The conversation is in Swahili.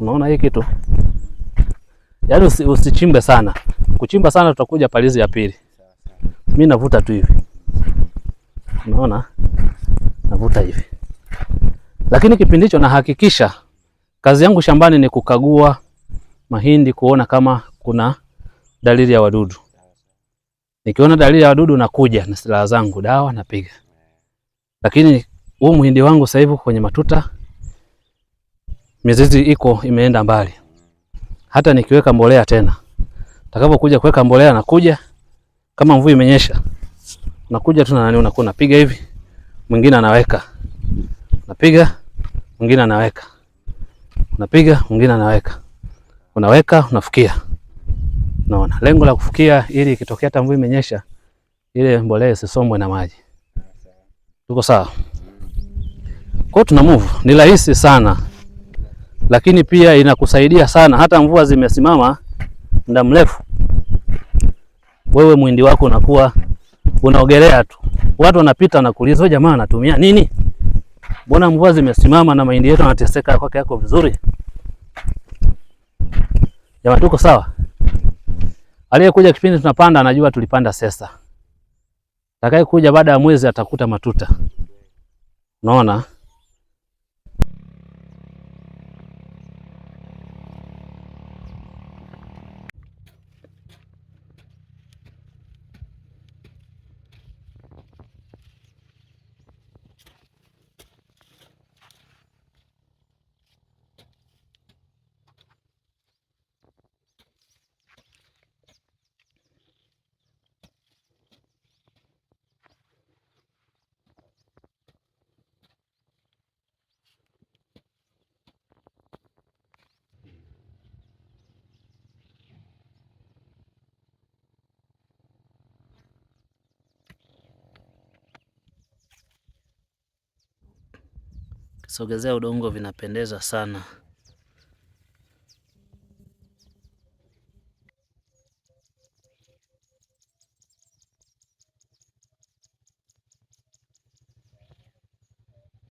Unaona hii kitu, yaani usi, usichimbe sana. Kuchimba sana tutakuja palizi ya pili. Mimi navuta tu hivi, unaona, navuta hivi, lakini kipindi hicho nahakikisha kazi yangu shambani ni kukagua mahindi, kuona kama kuna dalili ya wadudu. Nikiona dalili ya wadudu, nakuja na silaha zangu, dawa napiga. Lakini huu muhindi wangu sasa hivi kwenye matuta mizizi iko imeenda mbali. Hata nikiweka mbolea tena, takapokuja kuweka mbolea nakuja kama mvua imenyesha, nakuja tu na nani, unakuwa unapiga hivi, mwingine anaweka, napiga mwingine anaweka, unapiga mwingine anaweka, unaweka unafukia. Naona lengo la kufukia ili ikitokea hata mvua imenyesha, ile mbolea isisombwe na maji. Tuko sawa? Kwa tuna move, ni rahisi sana lakini pia inakusaidia sana, hata mvua zimesimama muda mrefu, wewe mwindi wako unakuwa unaogelea tu, watu wanapita na kuuliza jamaa anatumia nini? Mbona mvua zimesimama na mahindi yetu yanateseka, kwake yako vizuri? Jamaa, tuko sawa. Aliyekuja kipindi tunapanda anajua tulipanda sesa, Atakayekuja kuja baada ya mwezi atakuta matuta. Unaona? sogezea udongo vinapendeza sana.